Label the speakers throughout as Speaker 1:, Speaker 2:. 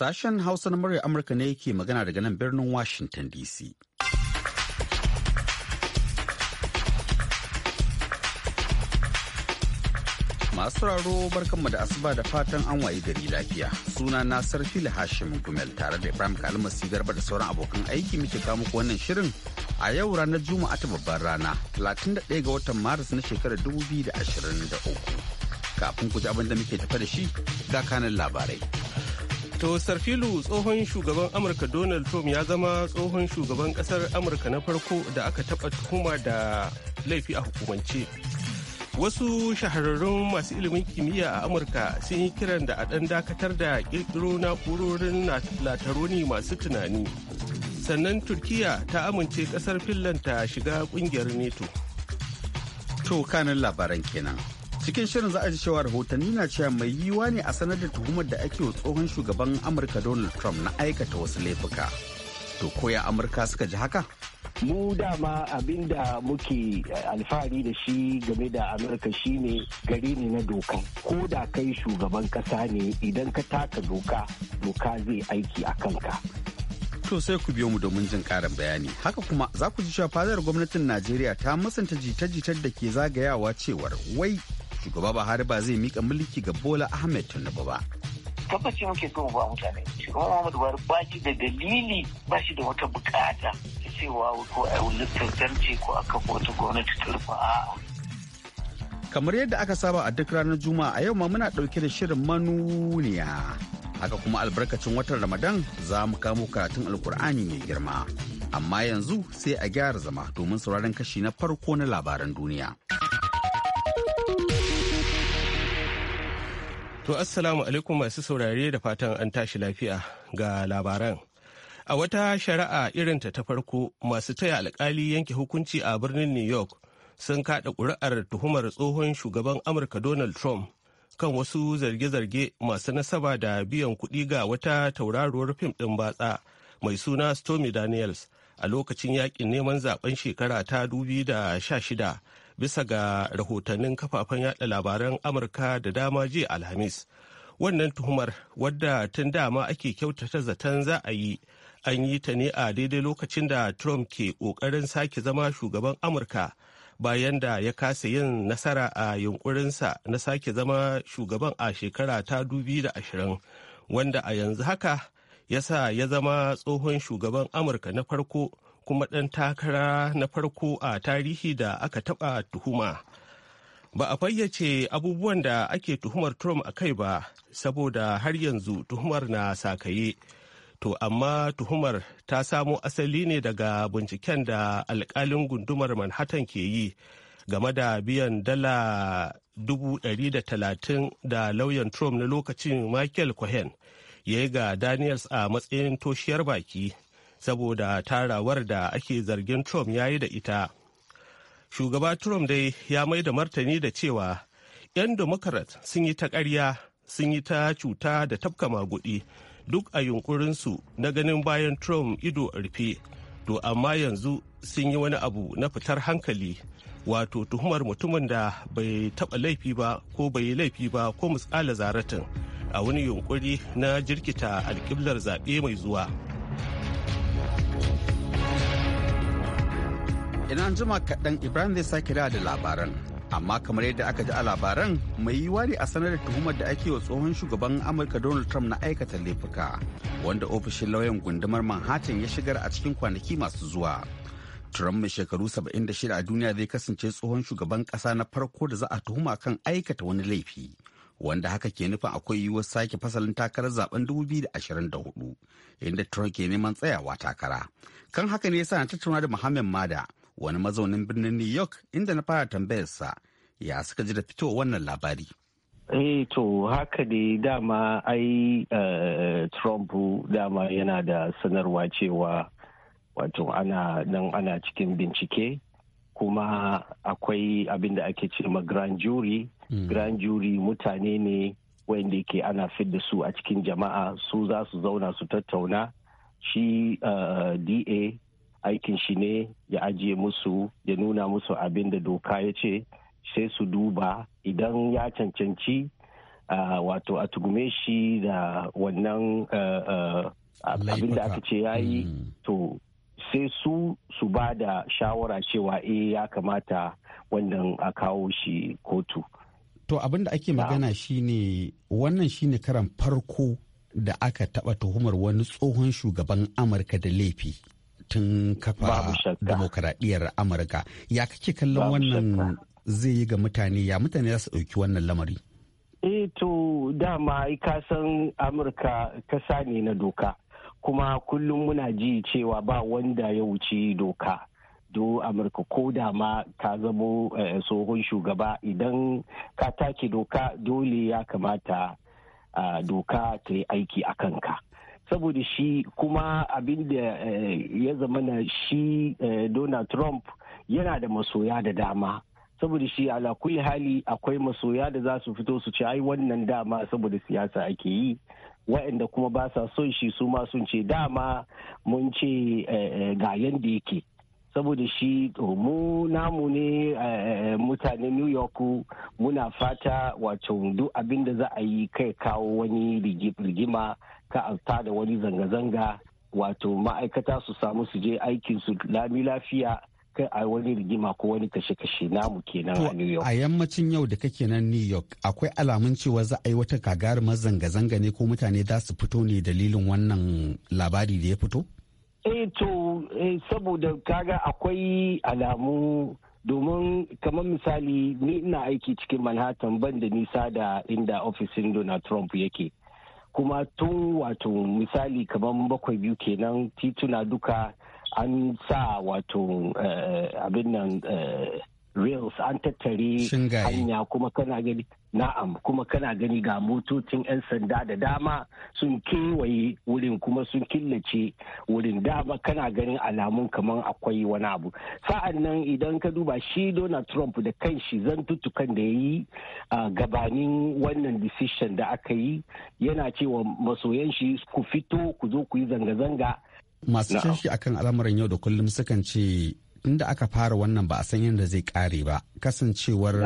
Speaker 1: Sashen Hausa na murya Amurka ne yake magana daga nan birnin Washington DC. Masu raro barkanmu da asuba da fatan an wayi gari lafiya. Suna na Sarfi Hashim Gumel tare da Ibrahim Kalmasi Garba da sauran abokan aiki muke kama muku wannan shirin a yau ranar Juma'a ta babbar rana 31 ga watan Maris na shekarar 2023.
Speaker 2: Kafin ku ji abin da muke tafa da shi ga kanan labarai. To Sarfilu tsohon shugaban Amurka Donald Trump ya zama tsohon shugaban kasar Amurka na farko da aka taɓa tuhuma da laifi a hukumance. Wasu shahararrun masu ilimin kimiyya a Amurka sun yi kiran da a ɗan dakatar da ƙirƙiro na'urorin lataroni masu tunani. Sannan Turkiya ta amince ƙasar Finland ta shiga ƙungiyar NATO. To kanin labaran kenan.
Speaker 1: cikin shirin za a ji cewa rahotanni na cewa mai yiwuwa ne a sanar da tuhumar da ake wa tsohon shugaban amurka donald trump na aikata wasu laifuka to koya amurka suka ji haka mu dama abin da muke eh, alfahari da shi game da amurka
Speaker 3: shine gari ne na doka ko da kai shugaban kasa ne idan ka taka doka
Speaker 1: doka zai aiki a kanka to sai ku biyo mu domin jin karin bayani haka kuma za ku ji cewa fadar gwamnatin najeriya ta masanta jita-jitar da ke zagayawa cewar wai shugaba Buhari ba zai mika mulki ga Bola Ahmed Tinubu ba.
Speaker 4: Tabbaci muke so ba mutane. Shugaban Muhammadu Buhari ba shi da dalili ba shi da wata bukata ta cewa ko a wani ko aka wata gwamnati ta rufa
Speaker 1: Kamar yadda aka saba a duk ranar Juma'a a yau ma muna ɗauke da shirin manuniya. Haka kuma albarkacin watan Ramadan za mu kamo karatun Alkur'ani mai girma. amma yanzu sai a gyara zama domin sauraron kashi na farko na labaran duniya.
Speaker 2: To assalamu alaikum masu saurare da fatan an tashi lafiya ga labaran. A wata shari'a irinta ta farko masu taya alkali yanke hukunci a birnin New York sun kada ƙuri'ar tuhumar tsohon shugaban Amurka Donald Trump kan wasu zarge-zarge masu nasaba da biyan kuɗi ga wata tauraruwar fim ɗin batsa mai suna Stormy Daniels a lokacin yakin neman zaben shekara ta 2016 bisa ga rahotannin kafafen yada labaran amurka da dama jiya alhamis wannan tuhumar wadda tun dama ake kyautata zaton za a yi an yi ta ne a daidai lokacin da trump ke kokarin sake zama shugaban amurka bayan da ya kasa yin nasara a yunkurinsa na sake zama shugaban a shekara ta dubi da ashirin, wanda a yanzu haka ya sa ya zama tsohon shugaban amurka na farko kuma ɗan takara na farko a tarihi da aka taɓa tuhuma. Ba a fayyace abubuwan da ake tuhumar Trump a kai ba, saboda har yanzu tuhumar na sakaye. To amma tuhumar ta samo asali ne daga binciken da alkalin gundumar Manhattan ke yi game da biyan dala dubu da talatin da lauyan Trump na lokacin Michael Cohen ya yi ga Daniels a matsayin toshiyar baki saboda tarawar da ake zargin Trump ya yi da ita. Shugaba Trump dai ya mai da martani da cewa 'yan Democrat sun yi ta ƙarya, sun yi ta cuta da tafka maguɗi duk a yunkurinsu na ganin bayan Trump ido rufe. To amma yanzu sun yi wani abu na fitar hankali wato tuhumar mutumin da bai taɓa laifi ba ko bai yi laifi ba ko misala zaratin a wani yunƙuri na jirkita alƙiblar zaɓe mai zuwa.
Speaker 1: Ina an jima kaɗan Ibrahim zai sake da labaran. Amma kamar yadda aka ji a labaran mai yiwuwa ne a sanar da tuhumar da ake wa tsohon shugaban Amurka Donald Trump na aikata laifuka wanda ofishin lauyan gundumar Manhattan ya shigar a cikin kwanaki masu zuwa. Trump mai shekaru 76 a duniya zai kasance tsohon shugaban ƙasa na farko da za a tuhuma kan aikata wani laifi. Wanda haka ke nufin akwai yiwuwar sake fasalin takarar zaben 2024 inda Trump ke neman tsayawa takara. Kan haka ne yasa na tattauna da Muhammad Mada wani mazaunin birnin New York inda na fara tambayarsa ya suka ji da fito wannan labari. Eh to haka dai dama ai eh,
Speaker 3: Trump dama yana da sanarwa cewa wato ana nan ana cikin bincike kuma akwai abin da ake ce ma grand jury. Hmm. Grand jury mutane ne wanda ke ana fidda su a cikin jama'a su za su zauna su tattauna shi eh, DA aikin shi ne ya ajiye musu ya nuna musu abin da doka ya ce sai su duba idan ya cancanci wato a tugume shi da wannan abin da aka ce ya yi hmm. to sai su su ba da shawara cewa e ya kamata wannan a kawo shi kotu.
Speaker 1: To abin da ake magana shine wannan shine karan farko da aka taba tuhumar wani tsohon shugaban Amurka da laifi. tun kafa demokaradiyyar amurka ya kake kallon wannan zai yi ga mutane ya mutane za su ɗauki wannan lamari
Speaker 3: eh to dama ka san amurka kasa ne na doka kuma kullum muna ji cewa ba wanda ya wuce doka do amurka ko da ma ka zamo eh, tsohon shugaba idan ka take doka dole ya kamata ah, doka ta yi aiki a kanka saboda shi kuma abin da eh, ya zamana shi eh, donald trump yana da masoya da dama saboda shi ala kulli hali akwai masoya da za su fito su ce ai wannan dama saboda siyasa ake yi wa'inda kuma ba sa son shi su ma sun ce dama mun ce eh, ga yanda yake saboda shi mu namu ne eh, mutane new york muna fata wato duk abin da za a yi kai kawo wani rigima ka alta da wani zanga-zanga wato ma'aikata su samu su je aikin su lami lafiya kai a wani rigima ko wani kashe-kashe namu kenan a new york
Speaker 1: a yammacin yau da kake nan new york akwai alamun cewa za a yi wata gagarumar zanga-zanga ne ko mutane za su fito ne dalilin wannan labari da ya fito
Speaker 3: eh to eh, saboda kaga akwai alamu domin kamar misali ni ina aiki cikin manhattan ban da nisa da inda ofishin donald trump yake kuma tun wato misali kamar bakwai biyu kenan tituna duka an sa wato eh, abin nan eh, rails an tattare hanya kuma kana gani na'am kuma kana gani ga motocin 'yan sanda da dama sun kewaye wurin kuma sun killace wurin dama kana ganin alamun kamar akwai wani abu sa'an nan idan ka duba shi donald trump da kanshi zantutukan da ya yi gabanin wannan decision da aka yi yana cewa masoyan shi ku fito ku zo ku yi zanga-zanga
Speaker 1: masu shi akan al'amuran yau da kullum sukan ce inda aka fara wannan ba a san yadda zai kare ba kasancewar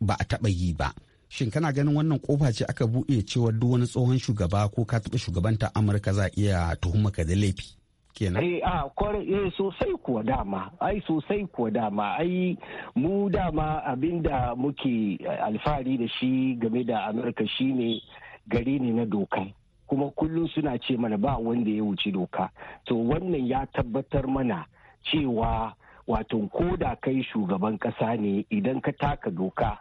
Speaker 1: ba a taɓa yi ba shin kana ganin wannan kofa ce aka buɗe cewa duk wani tsohon shugaba ko ka taɓa shugabanta amurka za iya tuhuma ka da laifi kenan
Speaker 3: eh a kore eh sosai kuwa dama ai sosai kuwa dama ai mu dama abinda muke alfahari da shi game da amurka shine gari ne na doka kuma kullum suna ce mana ba wanda ya wuce doka to wannan ya tabbatar mana cewa wato ko da kai shugaban ƙasa ne idan ka taka doka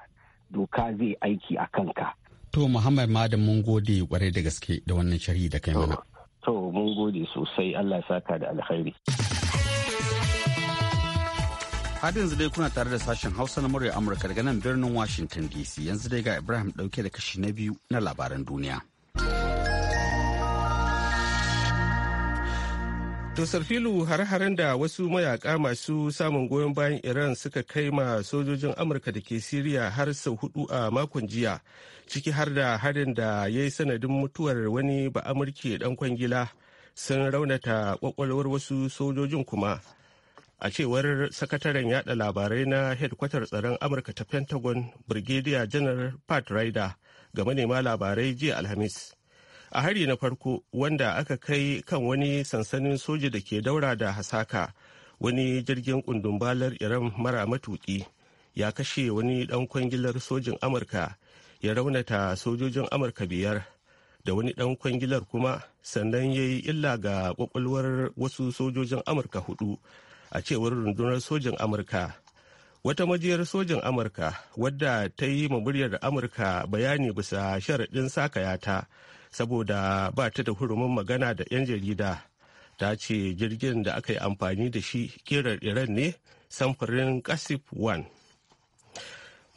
Speaker 3: doka zai aiki a kanka.
Speaker 1: To Muhammad Madan mun gode kwarai da gaske da wannan shari'i da kai mana. To mun gode sosai Allah saka da alkhairi. Har yanzu dai kuna tare da sashen Hausa na murya Amurka daga nan birnin Washington DC yanzu dai ga Ibrahim dauke da kashi na biyu na labaran duniya.
Speaker 2: To sarfilu har-haren da wasu mayaka masu samun goyon bayan Iran suka kai ma sojojin Amurka da ke Siriya har sau hudu a makon jiya, ciki har da harin da ya yi sanadin mutuwar wani ba amurki dan kwangila sun raunata kwakwalwar wasu sojojin kuma. A cewar sakataren yada labarai na hedkwatar tsaron Amurka ta Pentagon, Brigadier General Pat Ryder ga manema labarai jiya Alhamis. a hari na farko wanda aka kai kan wani sansanin soja da ke daura da hasaka wani jirgin kundumbalar iran mara matuki ya kashe wani dan kwangilar sojin amurka ya raunata sojojin amurka biyar da wani dan kwangilar kuma sannan ya yi illa ga kwakwalwar wasu sojojin amurka hudu a cewar rundunar sojin amurka wata majiyar sojin amurka wadda ta yi muryar amurka bayani bisa sharaɗin sakayata saboda ba ta da hurumin magana da 'yan jarida ta ce jirgin da aka yi amfani da shi kirar iran ne samfurin kasif 1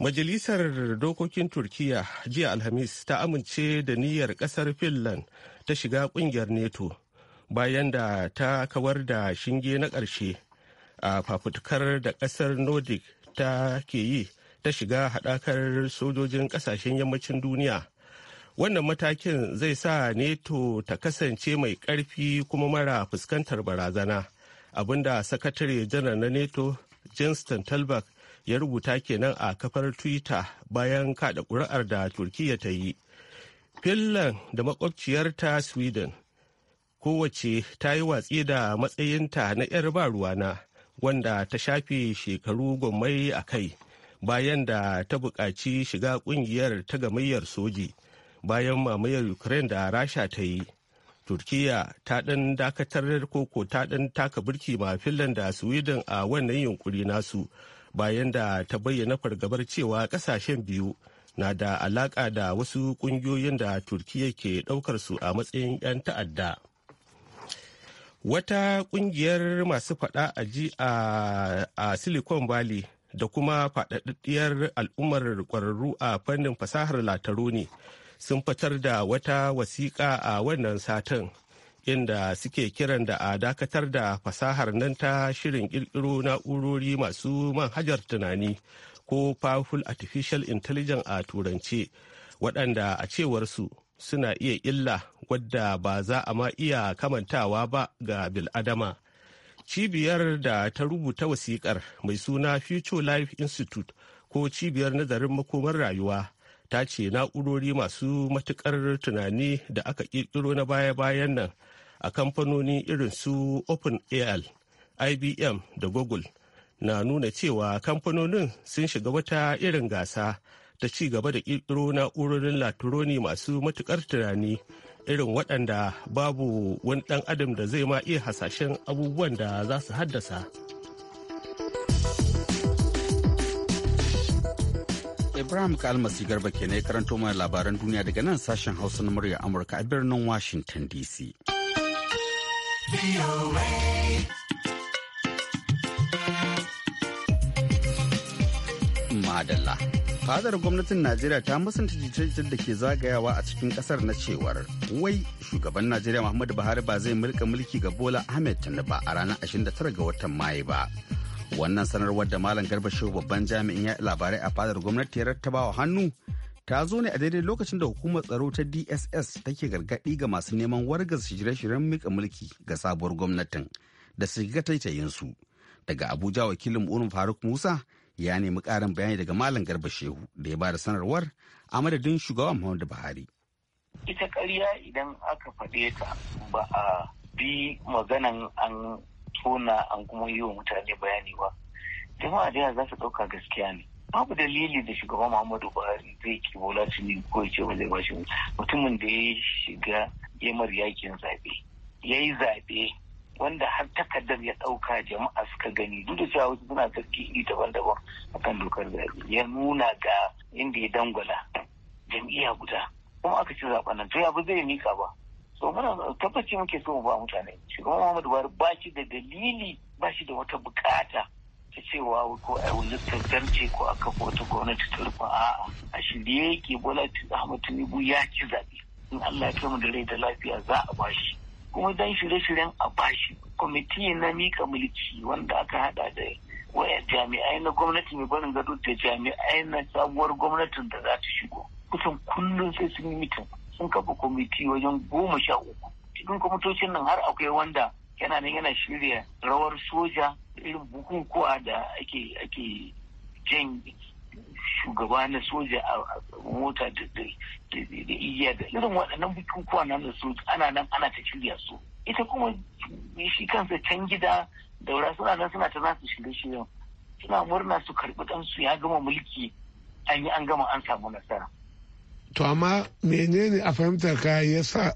Speaker 2: majalisar dokokin turkiya jiya alhamis ta amince da niyyar kasar finland ta shiga kungiyar neto bayan da ta kawar da shinge na ƙarshe a fafutukar da ƙasar nordic ta ke yi ta shiga haɗakar sojojin ƙasashen yammacin duniya wannan matakin zai sa neto ta kasance mai ƙarfi kuma mara fuskantar barazana abinda sakatare janar na neto jinston talbak ya rubuta kenan a kafar twitter bayan kada ƙuri'ar da turkiyya ta yi finland da makwabciyarta sweden kowace ta yi watsi da matsayinta na 'yar ba ruwana wanda ta shafe shekaru gwammai a kai bayan da ta buƙaci shiga ƙungiyar ta gamayyar soji. bayan mamayar ukraine da rasha ta yi turkiya ta ɗan dakatar koko ta ɗan taka birki ma finland da sweden a wannan yunkuri nasu bayan da ta bayyana fargabar cewa ƙasashen biyu na da alaƙa da wasu ƙungiyoyin da turkiya ke ɗaukar su a matsayin 'yan ta'adda wata ƙungiyar masu faɗa a ji a silicon valley da kuma faɗaɗɗiyar al'ummar ƙwararru a fannin fasahar latarone ne sun fitar da wata wasiƙa a wannan satin inda suke kiran da a dakatar da fasahar nan ta shirin ƙirƙiro na'urori masu manhajar tunani ko powerful artificial intelligence a turance waɗanda a cewarsu suna iya illa wadda ba za a ma iya kamantawa ba ga biladama cibiyar da ta rubuta wasiƙar mai suna future life institute ko cibiyar nazarin makomar rayuwa ta ce na'urori masu matukar tunani da aka kirkiro na baya-bayan nan a kamfanoni irin su al ibm da google na nuna cewa kamfanonin sun shiga wata irin gasa ta ci gaba da kirkiro na'urorin laturoni masu matukar tunani irin waɗanda babu wani ɗan adam da zai ma iya hasashen abubuwan da za su haddasa. Ibrahim Kalmasi
Speaker 1: Garba ke ne karanto mana labaran duniya daga nan sashen Hausa na murya Amurka a birnin Washington DC. Madalla. Fadar gwamnatin Najeriya ta musanta jita da ke zagayawa a cikin kasar na cewar wai shugaban Najeriya Muhammadu Buhari ba zai mulka mulki ga Bola Ahmed Tinubu a ranar 29 ga watan Mayu ba. wannan sanarwar da malam garba shehu babban jami'in ya labarai a fadar gwamnati ya rattabawa hannu ta zo ne a daidai lokacin da hukumar tsaro ta dss take gargaɗi ga masu neman wargaza shirye-shiryen mika mulki ga sabuwar gwamnatin da su ga taitayinsu daga abuja wakilin urin faruk musa ya nemi ƙarin bayani daga malam garba shehu da ya bada sanarwar a madadin shugaban muhammadu buhari
Speaker 4: ita ƙarya idan aka faɗe ta ba a bi maganan an tona an kuma yi wa mutane bayani ba jama'a da za su ɗauka gaskiya ne babu dalili da shugaban muhammadu buhari zai ki bola ne ko ce ba zai shi mutumin da ya shiga yamar yakin zaɓe ya yi zaɓe wanda har takardar ya ɗauka jama'a suka gani duk da cewa wasu suna tafki iri daban-daban akan dokar zaɓe ya nuna ga inda ya dangwala jam'iyya guda kuma aka ci zaɓen nan to ya ba zai mika ba so muna tabbaci muke so ba mutane shugaban muhammadu buhari ba shi da dalili ba shi da wata bukata ta cewa ko a wani tantance ko aka kafa wata gwamnati ta rufa a'a a shirye ke bola ahmad tinubu ya ci zaɓe in allah ya kai mu da rai da lafiya za a bashi kuma dan shirye-shiryen a ba shi. kwamiti na mika mulki wanda aka hada da waya jami'ai na gwamnati mai barin gado da jami'ai na sabuwar gwamnatin da za ta shigo kusan kullum sai sun yi mitin sun kafa kwamiti wajen goma sha uku cikin kwamitocin nan har akwai wanda yana nan yana shirya rawar soja irin bukukuwa da ake ake jan shugaba na soja a mota da iya da irin waɗannan bukukuwa na soja ana nan ana ta shirya su ita kuma shi kansa can gida daura suna nan suna ta za su shirye shiryen suna murna su karɓi ɗansu ya gama mulki an yi an gama an samu
Speaker 5: nasara to amma menene a fahimtar ka ya sa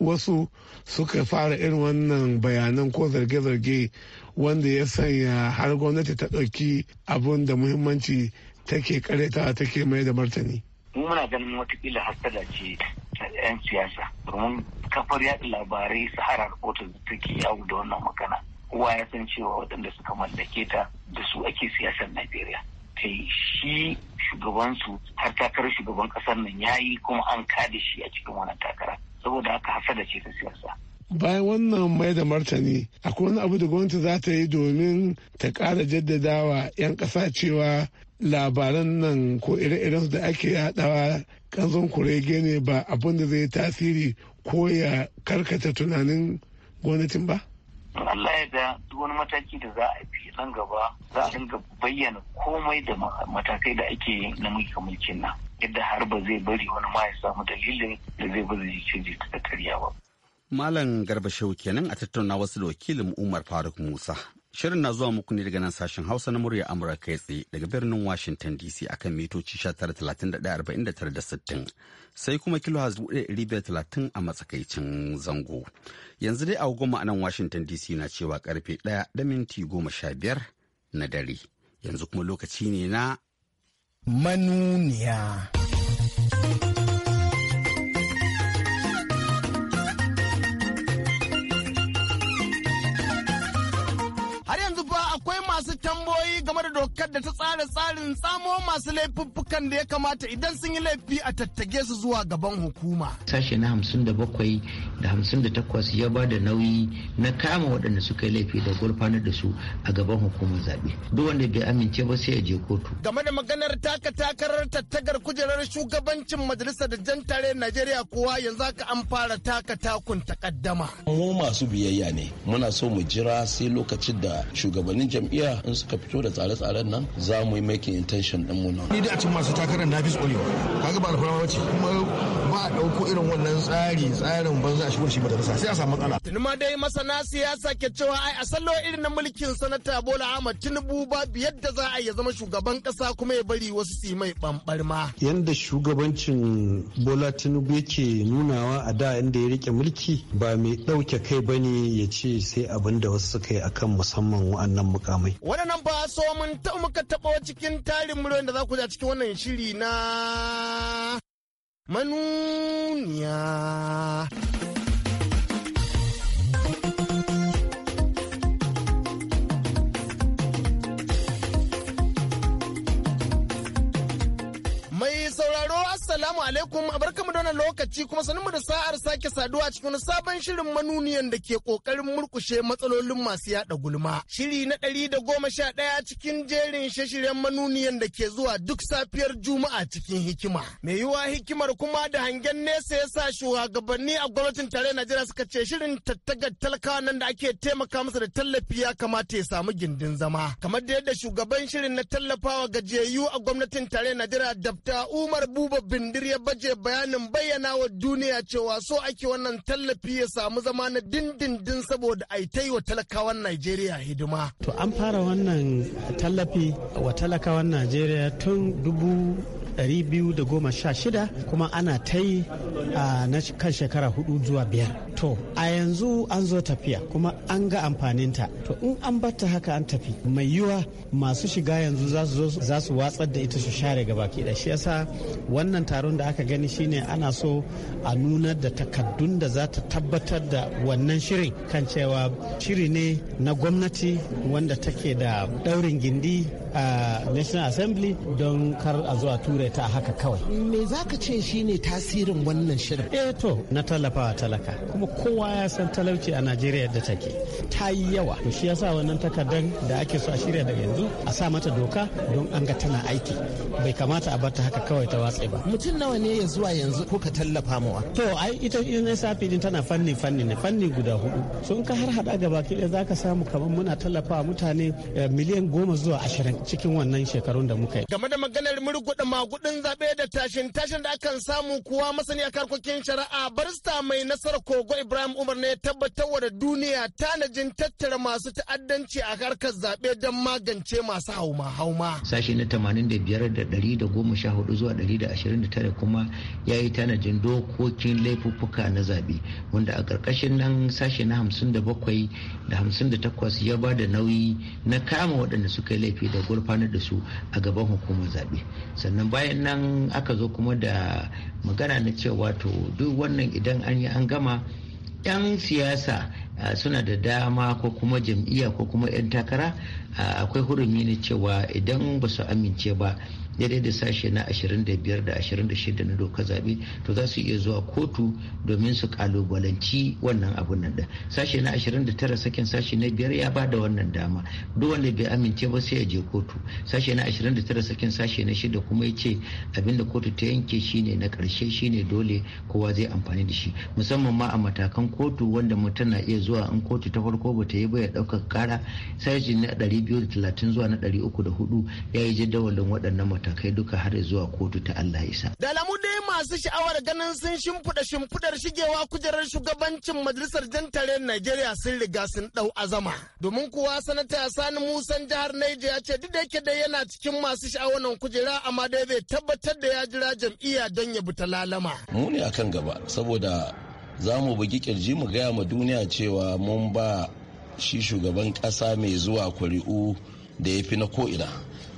Speaker 5: wasu suka fara irin wannan bayanan ko zarge-zarge wanda ya sanya har gwamnati ta ɗauki abun da muhimmanci take kareta take mai da martani.
Speaker 4: muna ganin watakila hasada ce a 'yan siyasa domin kafar yaɗa labarai sahara rahoton da take yawo da wannan magana kowa ya san cewa waɗanda suka mallake ta da su ake siyasar najeriya kai shi shugabansu har takarar shugaban kasar nan ya yi kuma an kada shi a cikin wannan takara saboda haka hasada ce ta siyasa
Speaker 5: bayan wannan mai da martani akwai wani abu da gwamnati za ta yi domin ta ƙara jaddadawa 'yan ƙasa cewa labaran nan ko ire-irensu da ake yadawa kanzon kurege ne ba abin da zai tasiri ko ya karkata tunanin gwamnatin ba?
Speaker 4: in Allah ya duk wani mataki da za a fi nan gaba za a dinga bayyana komai da matakai da ake yi na mulkin nan yadda har ba zai bari wani ma ya samu dalilin da zai bari ya ce da karya ba.
Speaker 1: Malam Garba Shehu kenan a tattauna wasu da wakilin Umar Faruk Musa Shirin na zuwa muku ne daga nan sashen Hausa na murya Amurka kai tsaye daga birnin Washington DC akan mitoci 19,31,49,60 sai kuma kilohaz talatin a matsakaicin zango. Yanzu dai a goma a Washington DC na cewa karfe 1 da minti 15 na dare. Yanzu kuma lokaci ne na
Speaker 6: manuniya.
Speaker 5: Eduardo dokar da ta tsara tsarin samo masu laifuffukan da ya kamata idan sun yi laifi a tattage su zuwa gaban hukuma.
Speaker 7: Sashe na hamsin da bakwai da hamsin da takwas ya ba da nauyi na kama waɗanda suka yi laifi da gurfanar da su a gaban hukumar zaɓe. Duk wanda bai amince ba sai ya je kotu.
Speaker 5: Game da maganar taka takarar tattagar kujerar shugabancin majalisar da jan tare Najeriya kowa yanzu haka an fara taka takun takaddama.
Speaker 8: Mu masu biyayya ne muna so mu jira sai lokacin da shugabannin jam'iyya in suka fito da tsare-tsaren nan za mu yi making intention din mu nan
Speaker 9: ni da a cikin masu takarar na fi tsorewa kaga ba alfarawa ce kuma ba a dauko irin wannan tsari tsarin ban za a shigo shi madarasa sai a samu matsala tun
Speaker 5: ma dai masana siyasa ke cewa ai a sallo irin na mulkin sanata Bola Ahmad Tinubu babu yadda za a ya zama shugaban kasa kuma ya bari wasu su mai bambarma
Speaker 10: yanda shugabancin Bola Tinubu yake nunawa a da inda ya rike mulki ba mai dauke kai bane ya ce sai abin da wasu suka yi akan musamman wa'annan mukamai
Speaker 5: waɗannan ba so mun ta muka taɓo cikin tarin muryoyin da za ku ja cikin wannan shiri na manuniya. lokaci kuma sanin mu da sa'ar sake saduwa cikin sabon shirin manuniyan da ke kokarin murkushe matsalolin masu yada gulma. Shiri na ɗari da goma sha ɗaya cikin jerin shashiren manuniyan da ke zuwa duk safiyar Juma'a cikin hikima. Mai yiwuwa hikimar kuma da hangen nesa ya sa shugabanni a gwamnatin tare Najeriya suka ce shirin tattagar talakawa nan da ake taimaka masa da tallafi ya kamata ya samu gindin zama. Kamar da yadda shugaban shirin na tallafawa gajiyayyu a gwamnatin tare Najeriya Dabta Umar Buba Bindir ya baje bayanin bai bayyana wa duniya cewa so ake wannan tallafi ya samu zama na dindindin saboda a yi wa talakawan Najeriya hidima.
Speaker 6: To an fara wannan tallafi wa talakawan Najeriya tun dubu biyu da goma sha shida kuma ana ta yi na kan shekara hudu zuwa biyar to a yanzu an zo tafiya kuma an ga amfaninta to in an batta haka an tafi mai yiwa masu shiga yanzu za su watsar da ita su share gaba ki shi yasa wannan taron da aka gani shine ana so a nunar da takaddun da za ta tabbatar da wannan shirin kan cewa shiri ne na gwamnati wanda take da daurin gindi a national assembly don kar a zuwa ture ta haka kawai me za ka ce shine tasirin wannan shirin eh to na tallafawa talaka kuma kowa ya san talauci a najeriya da take ta yi yawa to shi yasa wannan takardar da ake so a shirya daga yanzu a sa mata doka don an ga tana aiki bai kamata a barta haka kawai ta watse ba mutum nawa ne ya zuwa yanzu ko ka tallafa mawa to ai ita nsafi din tana fanni fanni ne fanni guda hudu so ka har hada gaba ki za ka samu kamar muna tallafa mutane eh, miliyan goma zuwa ashirin cikin wannan shekarun da muka yi
Speaker 5: game da maganar murguɗa magudin zaɓe da tashin tashin da akan samu kuwa masani a karkokin shari'a barista mai nasarar kogo Ibrahim Umar ne ya tabbatar da duniya tanajin tattara masu ta'addanci a harkar zaɓe don magance masu hauma-hauma.
Speaker 7: Sashi na 85 da hudu zuwa 129 kuma ya yi tanajin dokokin laifuffuka na zaɓe wanda a ƙarƙashin nan sashi na 57 da 58 ya ba da nauyi na kama waɗanda suka yi laifi da gurfanar da su a gaban hukumar zaɓe. Sannan bayan nan aka zo kuma da magana na cewa to duk wannan idan an yi an gama 'yan siyasa suna da dama ko kuma jam'iyya ko kuma 'yan takara akwai hurumi na cewa idan ba su amince ba daidai da sashe na 25 da 26 na dokar zaɓe to za su iya zuwa kotu domin su kalubalanci wannan abun nan da sashe na 29 sakin sashe na biyar ya bada wannan dama duk wanda bai amince ba sai ya je kotu sashe na 29 sakin sashe na shida kuma ya ce abinda kotu ta yanke shine na karshe shine dole kowa zai amfani da shi musamman ma a matakan kotu wanda mutum na iya zuwa in kotu ta farko ba ta yi ba ya ɗaukar kara sashe na 230 zuwa na 304 ya yi jadawalin waɗannan matakai duka har zuwa kotu ta Allah isa.
Speaker 5: Da lamu dai masu sha'awar ganin sun shimfiɗa shimfiɗar shigewa kujerar shugabancin majalisar jan Najeriya sun riga sun ɗau azama. Domin kuwa sanata Sani Musa jihar Niger ya ce duk da yake dai yana cikin masu sha'awar nan kujera amma dai zai tabbatar da ya jira jam'iyya don ya bi ta lalama.
Speaker 8: Mu ne akan gaba saboda za mu bugi kirji mu gaya ma duniya cewa mun ba shi shugaban ƙasa mai zuwa kuri'u da ya fi na ko'ina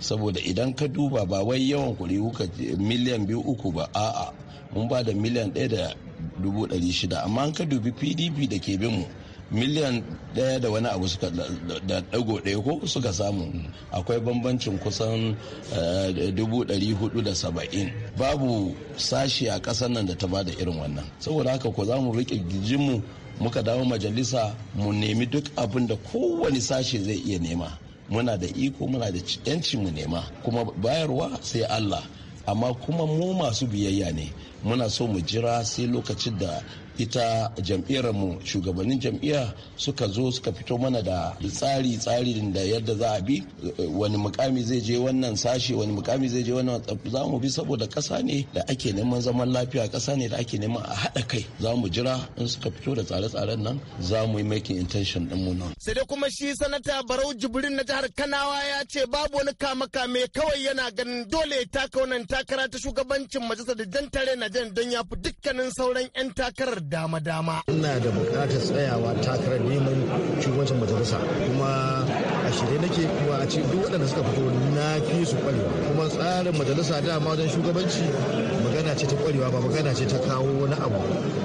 Speaker 8: saboda idan ka duba ba wai yawan kuri ka miliyan biyu uku ba a'a mun ba da miliyan ɗaya da dubu ɗari shida amma an ka dubi pdp da ke bin mu miliyan ɗaya da wani abu suka da ɗago ɗaya ko suka samu akwai bambancin kusan eh, dubu ɗari hudu da saba'in babu sashi a ƙasar nan da ta ba da irin wannan saboda haka ko za mu riƙe gijinmu muka dawo majalisa mu nemi duk abin da kowane sashe zai iya nema muna da iko muna da yanci mu nema kuma bayarwa sai Allah amma kuma mu masu biyayya ne muna so mu jira sai lokacin da ita mu shugabannin jam'iyya suka zo suka fito mana da tsari tsari da yadda za a bi wani mukami zai je wannan sashe wani mukami zai je wannan za mu bi saboda ƙasa ne da ake neman zaman lafiya ƙasa ne da ake neman a haɗa kai za mu jira in suka fito da tsare-tsaren nan za mu yi making intention din mu nan.
Speaker 5: sai dai kuma shi sanata barau jibrin na jihar kanawa ya ce babu wani kame-kame kawai yana ganin dole ta taka wannan takara ta shugabancin majalisar da jan tare na jan don ya fi dukkanin sauran
Speaker 9: 'yan takarar dama-dama. Ina da bukatar tsayawa takarar neman shugabancin majalisa kuma a shirye nake kuma a ce duk waɗanda suka fito na fi su kwarewa kuma tsarin majalisa dama wajen shugabanci magana ce ta kwarewa ba magana ce ta kawo wani abu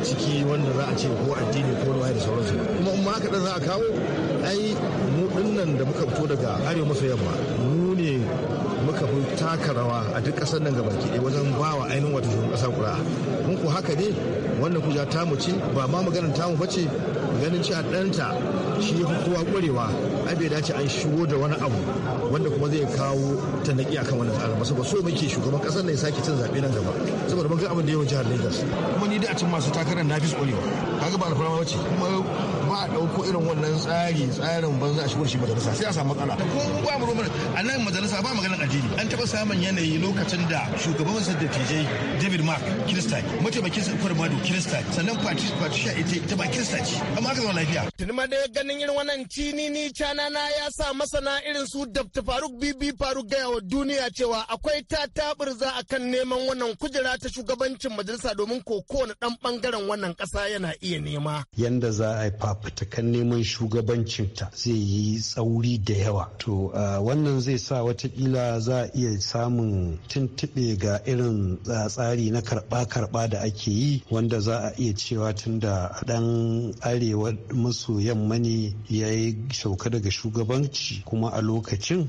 Speaker 9: ciki wanda za a ce ko addini ko wani da sauransu kuma in ma haka za a kawo ai mu dinnan da muka fito daga arewa maso yamma suka fi taka rawa a duk ƙasar nan gabaki ɗaya wajen bawa ainihin wata shugaban ƙasa kura mun ku haka ne wannan kujera tamu ce ba ma maganar tamu ba ce ganin cewa ɗanta shi ya fi kowa ƙwarewa ai bai dace an shigo da wani abu wanda kuma zai kawo a akan wannan tsarin ba saboda so muke shugaban ƙasar ne sake cin zaɓe nan gaba saboda mun ga abin da yawan jihar Lagos kuma ni da a cin masu takarar na fi ƙwarewa kaga ba alfarma ba ce kuma ba a ɗauko irin wannan tsari tsarin banza a shigar shi majalisa sai a samu matsala ko ba mu rubar a nan majalisa ba maganar addini an taɓa samun yanayi lokacin da shugaban wasu da tijai david mark kirista mataimakin sa ukwar mado kirista sannan patricia ita ita ba kirista ce amma aka zama lafiya.
Speaker 5: tuni ma dai ganin irin wannan cini ni cana na ya sa masana irin su dabta faruk bibi faruk gaya wa duniya cewa akwai ta taɓurza kan neman wannan kujera ta shugabancin majalisa domin ko kowane ɗan ɓangaren wannan ƙasa yana iya nema.
Speaker 10: yanda za a yi fitakan neman shugabancinta zai yi tsauri da yawa to wannan zai sa watakila za a iya samun tuntuɓe ga irin tsari na karɓa-karɓa da ake yi wanda za a iya cewa tun da ɗan arewa musu yamma ne ya yi shauka daga shugabanci kuma a lokacin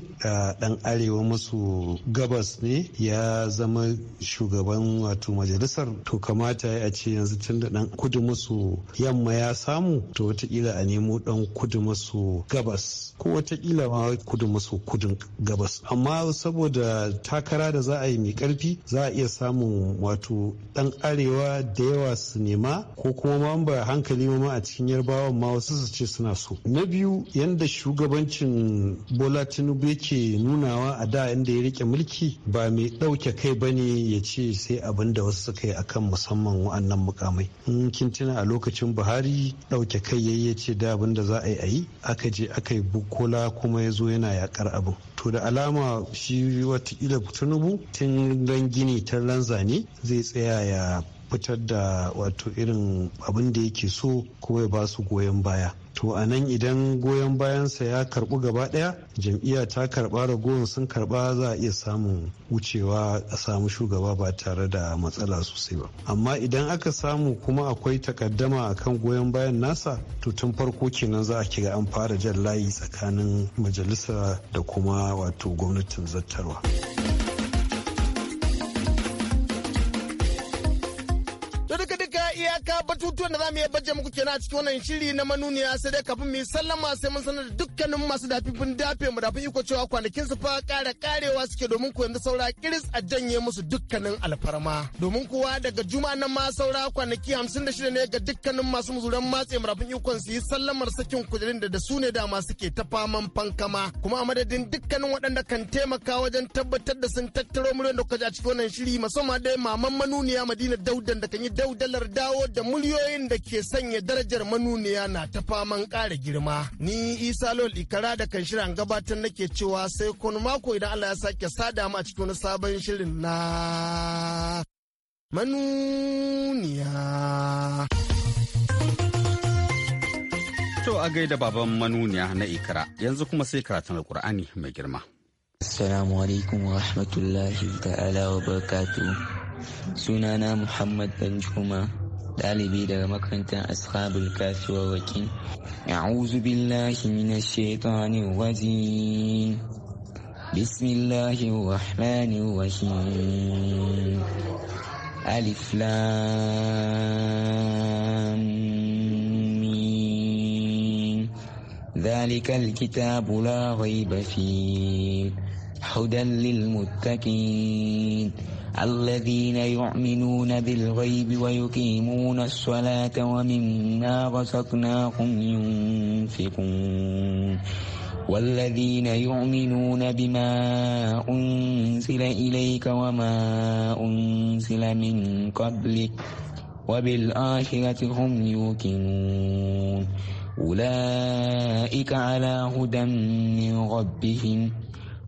Speaker 10: ɗan arewa musu gabas ne ya zama shugaban wato majalisar to kamata ya ce yanzu tun da ɗan kudu musu yamma ya samu to watakila a nemo dan kudu maso gabas ko watakila ma kudu maso kudun gabas amma saboda takara da za a yi mai karfi za a iya samun wato dan arewa da yawa su nema ko kuma ma ba hankali ma a cikin yarbawa ma wasu su ce suna so na biyu yanda shugabancin bola tinubu yake nunawa a da yanda ya rike mulki ba mai ɗauke kai bane ya ce sai abin da wasu suka yi akan musamman wa'annan mukamai in kin a lokacin buhari ɗauke kai ya yi ya ce da abin da za a yi a yi aka je aka yi bukola kuma ya zo yana yakar abin to da alama shi watakila tunubu tun ran gini ta ran zane zai tsaya ya fitar da wato irin abin da yake so kuma ya ba su goyon baya to a nan idan goyon bayansa ya karbu gaba daya jam'iyya ta karba ragowar sun karba za a iya samun wucewa a samu shugaba ba tare da matsala sosai ba amma idan aka samu kuma akwai takaddama a kan goyon bayan nasa to tun farko kenan za a kiga an fara jan layi tsakanin majalisa da kuma wato gwamnatin zattarwa.
Speaker 5: batutuwan da za mu yi bajje muku kenan a cikin wannan shiri na manuniya sai dai kafin mu yi sallama sai mun sanar da dukkanin masu dafifin dafe mu dafi iko cewa kwanakin su fa ƙara ƙarewa suke domin ku yanzu saura kiris a janye musu dukkanin alfarma domin kuwa daga juma nan ma saura kwanaki hamsin da shida ne ga dukkanin masu muzuran matse marafin ikon su yi sallamar sakin kujerin da da su ne dama suke ta faman fankama kuma a madadin dukkanin waɗanda kan taimaka wajen tabbatar da sun tattaro miliyan da kaji a cikin wannan shiri musamman dai maman manuniya madina daudan da kan yi daudalar dawo da miliyoyin da ke sanya darajar manuniya na ta faman ƙara girma. Ni Isa Lol Ikara da kan shirin gabatar nake cewa sai kun mako idan Allah ya sake sada mu a cikin wani sabon shirin na manuniya.
Speaker 1: To a gaida baban manuniya na Ikara yanzu kuma sai karatun Alkur'ani mai girma.
Speaker 11: Assalamu alaikum wa rahmatullahi ta'ala wa barakatuh. Sunana Muhammad Danjuma. ɗalibi daga makarantar ashabul kafi wa wakil a'udhu billahi minash shaitanir rajim bismillahir rahmanir rahim alif lam mim zalikal kitabu la rayba fihi hudan lil muttaqin الذين يؤمنون بالغيب ويقيمون الصلاة ومما رزقناهم ينفقون والذين يؤمنون بما أنزل إليك وما أنزل من قبلك وبالآخرة هم يوقنون أولئك على هدى من ربهم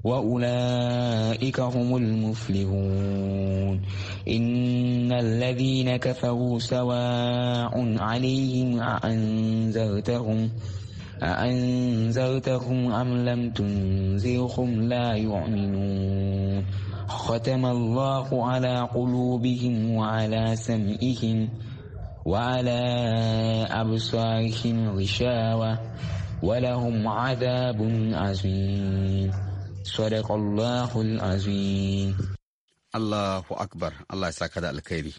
Speaker 11: وأولئك هم المفلحون إن الذين كفروا سواء عليهم أأنذرتهم أأنذرتهم أم لم تنذرهم لا يؤمنون ختم الله على قلوبهم وعلى سمعهم وعلى أبصارهم غشاوة ولهم عذاب عظيم Sadaqallahul azim. Allahu Akbar, Allah ya saka da
Speaker 1: alkhairi.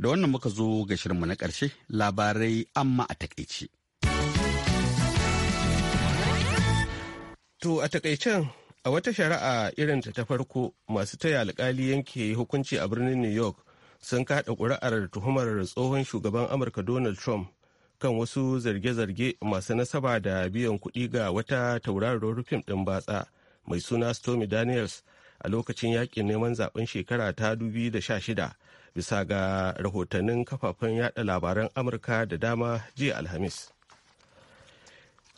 Speaker 1: Da wannan muka zo ga shirinmu na ƙarshe labarai amma a takaice.
Speaker 2: To a takaicen a wata shari'a irin ta farko masu taya alkali yanke hukunci a birnin New York sun kaɗa ƙuri'ar tuhumar tsohon shugaban Amurka Donald Trump kan wasu zarge-zarge masu nasaba da biyan kuɗi ga wata tauraruwar rufin ɗin batsa mai suna stormy daniels a lokacin yakin neman zaben shekara ta 2016 bisa ga rahotannin kafafen yada labaran amurka da dama jiya alhamis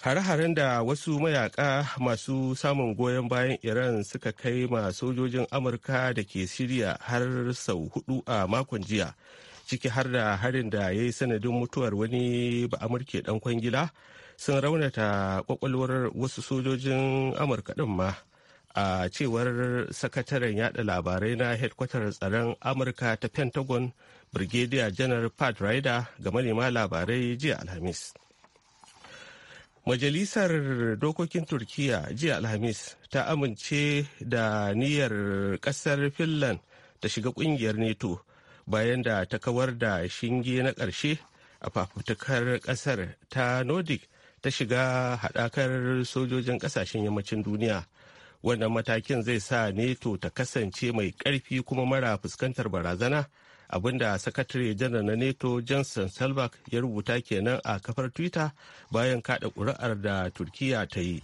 Speaker 2: hare-haren da wasu mayaka masu samun goyon bayan iran suka kai ma sojojin amurka da ke siriya har sau hudu a makon jiya ciki har da harin da ya yi sanadin mutuwar wani ba amurke dan kwangila sun raunata kwakwalwar wasu sojojin amurka ɗin ma a cewar sakataren yada labarai na hedkwatar tsaron amurka ta pentagon brigadier janar pat ryder ga manema labarai jiya alhamis majalisar dokokin turkiya jiya alhamis ta amince da niyyar kasar finland ta shiga kungiyar neto bayan da ta kawar da shinge na ƙarshe a fafutukar ƙasar ta nordic ta shiga haɗakar sojojin ƙasashen yammacin duniya wannan matakin zai sa neto ta kasance mai ƙarfi kuma mara fuskantar barazana abinda sakatare janar na neto johnson salvak ya rubuta kenan a kafar twitter bayan kaɗa ƙuri'ar da turkiya ta yi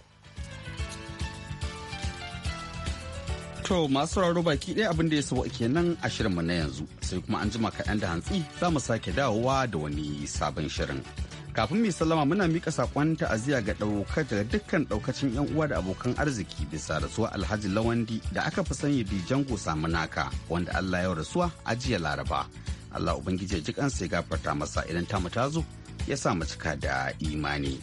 Speaker 1: To masu raro baki ɗaya abin da ya ke nan a shirin mu na yanzu sai kuma an jima kaɗan da hantsi za mu sake dawowa da wani sabon shirin. kafin mai sallama muna mika sakon ta'aziyya ga daukar daga dukkan ɗaukacin yan uwa da abokan arziki bisa rasuwa alhaji lawandi da aka fi sanya dijango samunaka wanda allah ya rasuwa a jiya laraba allah ubangiji ji kansa ya gafarta masa idan tamu ta zo ya sa mu cika da imani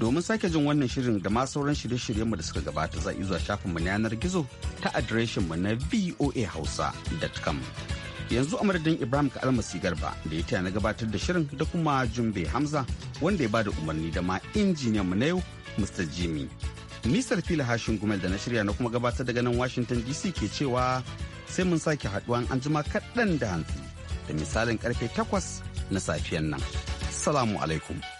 Speaker 1: domin sake jin wannan shirin da ma sauran shirye-shiryen mu da suka gabata za a yi zuwa shafinmu na yanar gizo ta adireshin mu na hausa.com yanzu a madadin ibrahim kalmasi garba da ya taya na gabatar da shirin da kuma jumbe hamza wanda ya ba da umarni da ma injiniyan mu na yau mr jimmy nisar fila hashin gumel da na shirya na kuma gabatar daga nan washington dc ke cewa sai mun sake haduwa an jima kaɗan da hantsi da misalin karfe 8 na safiyan nan salamu alaikum